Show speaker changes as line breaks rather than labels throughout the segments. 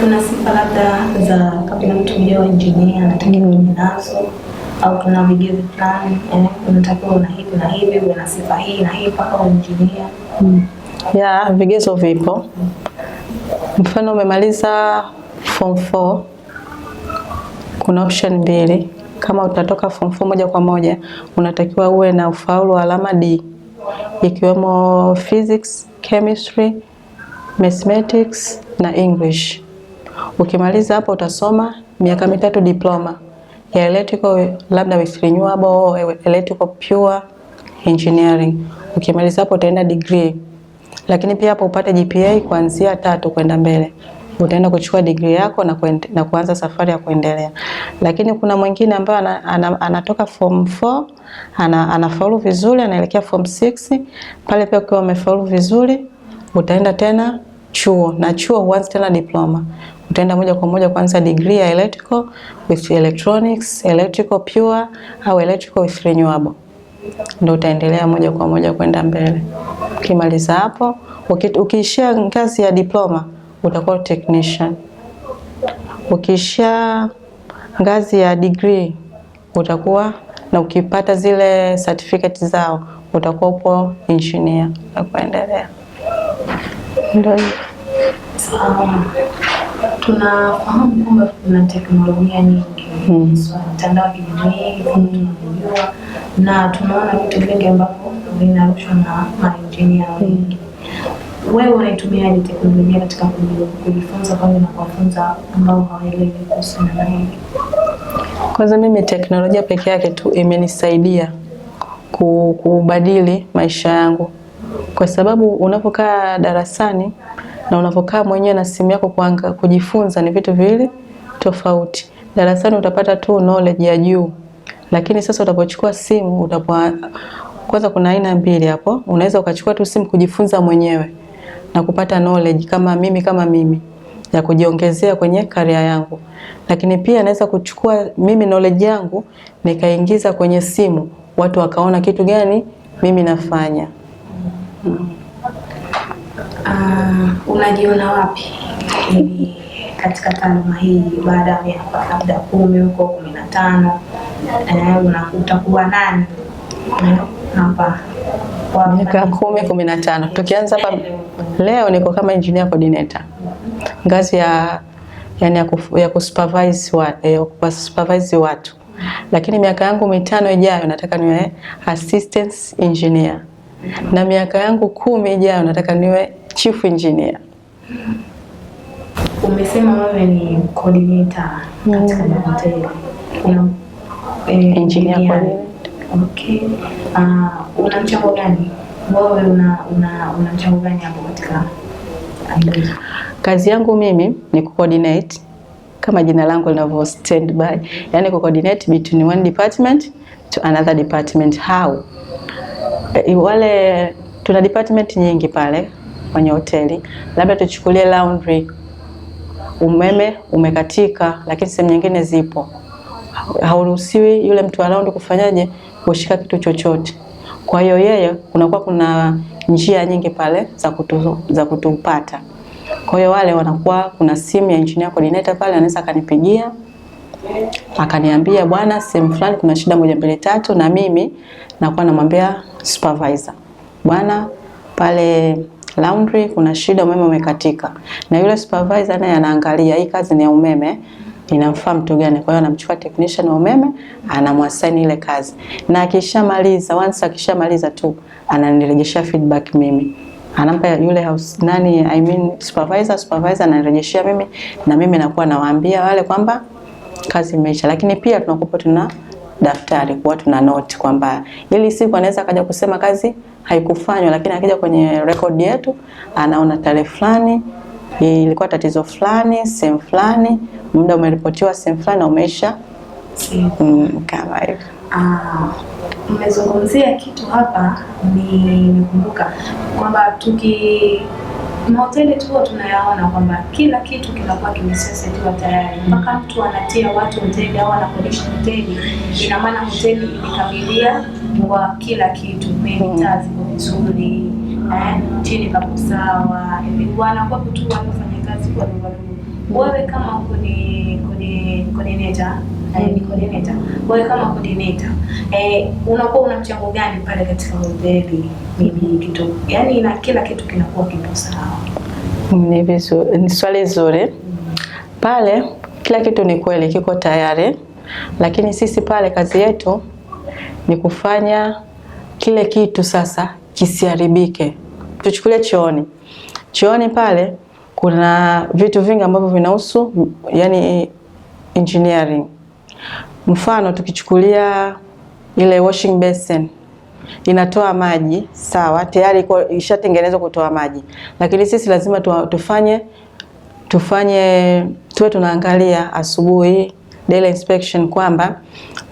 kuna sifa labda za kabla mtu hujawa injinia anatakiwa mwenye nazo au kuna vigezo fulani yaani unatakiwa una hivi na hivi, uwe na sifa hii na hii mpaka uwe injinia?
Hmm. Ya, vigezo vipo. Mfano umemaliza form 4 kuna option mbili. Kama utatoka form 4 moja kwa moja, unatakiwa uwe na ufaulu wa alama D ikiwemo physics, chemistry mathematics na English. Ukimaliza hapo utasoma miaka mitatu diploma ya electrical labda with renewable electrical pure engineering. Ukimaliza hapo utaenda degree. Lakini pia hapo upate GPA kuanzia tatu kwenda mbele. Utaenda kuchukua degree yako na, kuende, na kuanza safari ya kuendelea. Lakini kuna mwingine ambaye ana, ana, anatoka form 4 ana, anafaulu vizuri anaelekea form 6 pale pia ukiwa umefaulu vizuri utaenda tena chuo na chuo huanza tena diploma, utaenda moja kwa moja kwanza degree ya electrical with electronics, electrical pure au electrical with renewable, ndio utaendelea moja kwa moja kwenda mbele. Ukimaliza hapo, ukiishia ngazi ya diploma utakuwa technician, ukiishia ngazi ya degree utakuwa na ukipata zile certificate zao utakuwa upo engineer na kuendelea.
Ndio hivyo. Sawa. Tunafahamu kwamba kuna teknolojia nyingi mm. So, kijamii tunajua hmm. na tunaona vitu vingi ambavyo vinarushwa na maengineer hmm. wengi wewe Wewe unaitumiaje teknolojia katika kujifunza kwanza na kuwafunza ambao hawaelewi kuhusiana na hili?
Kwanza mimi teknolojia peke yake tu imenisaidia kubadili maisha yangu kwa sababu unapokaa darasani na unapokaa mwenyewe na simu yako kuanga, kujifunza ni vitu viwili tofauti. Darasani utapata tu knowledge ya juu, lakini sasa utapochukua simu utapua... kwanza kuna aina mbili hapo, unaweza ukachukua tu simu kujifunza mwenyewe na kupata knowledge kama mimi kama mimi ya kujiongezea kwenye karia yangu, lakini pia naweza kuchukua mimi knowledge yangu nikaingiza kwenye simu, watu wakaona kitu gani mimi nafanya.
Uh, unajiona wapi ni katika taaluma hii baada ya miaka labda kumi huko kumi na tano eh, utakuwa nani hapa?
miaka kumi kumi na tano tukianza hapa leo, niko kama engineer coordinator ngazi ya yani ya, kufu, ya kusupervise wa, eh, supervise watu, lakini miaka yangu mitano ijayo nataka niwe assistant engineer na miaka yangu kumi ijayo nataka niwe chief engineer.
Umesema wewe ni coordinator katika mahoteli. Mm. Una eh, engineer coordinator. Okay. Uh, una mchango gani? Wewe una una una mchango gani hapo katika
kazi yangu mimi ni coordinate kama jina langu linavyo stand by, yani ku coordinate between one department to another department how E, wale tuna department nyingi pale kwenye hoteli, labda tuchukulie laundry, umeme umekatika, lakini sehemu nyingine zipo, hauruhusiwi yule mtu wa laundry kufanyaje, kushika kitu chochote. Kwa hiyo yeye kunakuwa kuna njia nyingi pale za kutu, za kutupata. Kwa hiyo wale wanakuwa kuna simu ya engineer coordinator pale, anaweza akanipigia akaniambia bwana, sehemu fulani kuna shida moja mbili tatu, na mimi nakuwa namwambia supervisor, bwana, pale laundry kuna shida, umeme umekatika, na yule supervisor naye anaangalia hii kazi ni ya umeme inamfaa mtu gani. Kwa hiyo anamchukua technician wa umeme anamwasaini ile kazi, na akishamaliza once akishamaliza tu ananirejeshea feedback mimi, anampa yule house nani, I mean supervisor. Supervisor ananirejeshea mimi, na mimi nakuwa nawaambia wale kwamba kazi imeisha. Lakini pia tunakupa tuna daftari kwa tuna note kwamba ili siku anaweza akaja kusema kazi haikufanywa, lakini akija kwenye record yetu anaona tarehe fulani ilikuwa tatizo fulani sehemu fulani, muda umeripotiwa sehemu fulani na umeisha. Mm, kama hivyo.
Ah, mmezungumzia kitu hapa, nimekumbuka kwamba tuki mahoteli tu tunayaona kwamba kila kitu kinakuwa kimesesetiwa tayari, mpaka mtu anatia watu hoteli au anakodisha hoteli, ina maana hoteli imekamilia kwa kila kitu, mitaa ziko vizuri, eh, chini papo sawa, wanakuwapo tu wanafanya kazi kwa wewe kama kwenye kwenye kwenye neta eh, ni coordinator. Kwa hiyo kama coordinator eh, unakuwa una mchango gani pale katika Mubeli? Mimi kitu yani na kila kitu kinakuwa kipo sawa.
Ni vizuri, ni swali zuri pale. Kila kitu ni kweli kiko tayari, lakini sisi pale kazi yetu ni kufanya kile kitu sasa kisiharibike. Tuchukulie chooni, chooni pale kuna vitu vingi ambavyo vinahusu yani engineering Mfano tukichukulia ile washing basin inatoa maji sawa, tayari ishatengenezwa kutoa maji, lakini sisi lazima tu, tufanye tufanye tuwe tunaangalia asubuhi daily inspection kwamba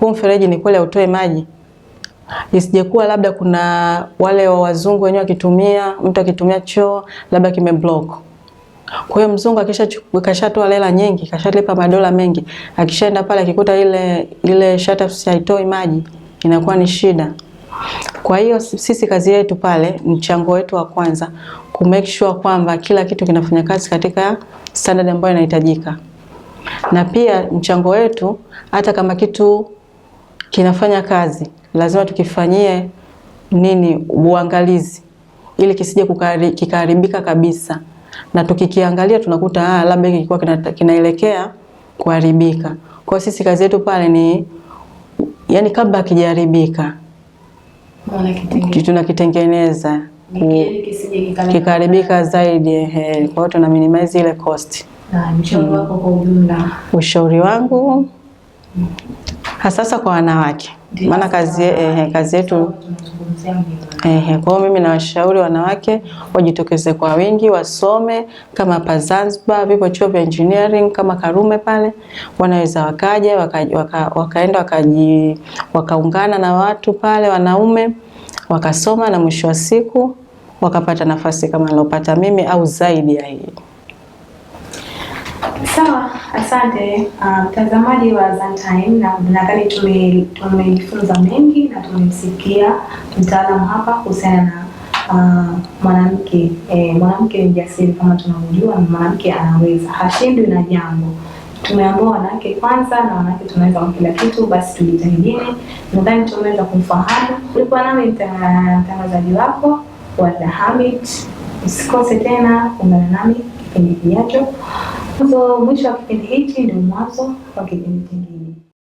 huu mfereji ni kweli autoe maji, isijekuwa labda kuna wale wa wazungu wenyewe wakitumia, mtu akitumia choo labda kimeblock kwa hiyo mzungu kashatoa lela nyingi, kashalipa madola mengi, akishaenda pale akikuta ile ile shutters haitoi maji, inakuwa ni shida. Kwa hiyo sisi kazi yetu pale, mchango wetu wa kwanza ku make sure kwamba kila kitu kinafanya kazi katika standard ambayo inahitajika, na pia mchango wetu hata kama kitu kinafanya kazi, lazima tukifanyie nini uangalizi, ili kisije kikaharibika kabisa na tukikiangalia tunakuta ah, labda hiki kilikuwa kina, kinaelekea kuharibika. Kwa sisi kazi yetu pale ni yani, kabla hakijaharibika
tunakitengeneza
kikaharibika zaidi ehe. Kwa hiyo tuna minimize ile cost.
Mm.
Ushauri wangu mm. hasasa kwa wanawake, maana kazi, eh, kazi yetu Ehe, kwa hiyo mimi nawashauri wanawake wajitokeze kwa wingi, wasome kama hapa Zanzibar vipo chuo vya engineering kama Karume pale, wanaweza wakaja waka, waka, wakaenda wakaji wakaungana na watu pale wanaume wakasoma na mwisho wa siku wakapata nafasi kama nilopata mimi au zaidi ya hii.
Sawa, asante ah, mtazamaji uh, wa Zantime, na nadhani tumejifunza tume mengi na tumemsikia mtaalamu hapa kuhusiana na uh, mwanamke eh, mwanamke ni mjasiri kama tunavyojua, na mwanamke anaweza, hashindwi na jambo. Tumeambiwa wanawake kwanza, na wanawake tunaweza kwa kila kitu, basi tujitahidini. Nadhani tumeweza kumfahamu. Ulikuwa nami mtangazaji wako Warda Hamid. Usikose tena kuungana nami kipindi kijacho. Mafunzo mwisho wa kipindi hichi ndio mwanzo wa kipindi kingine.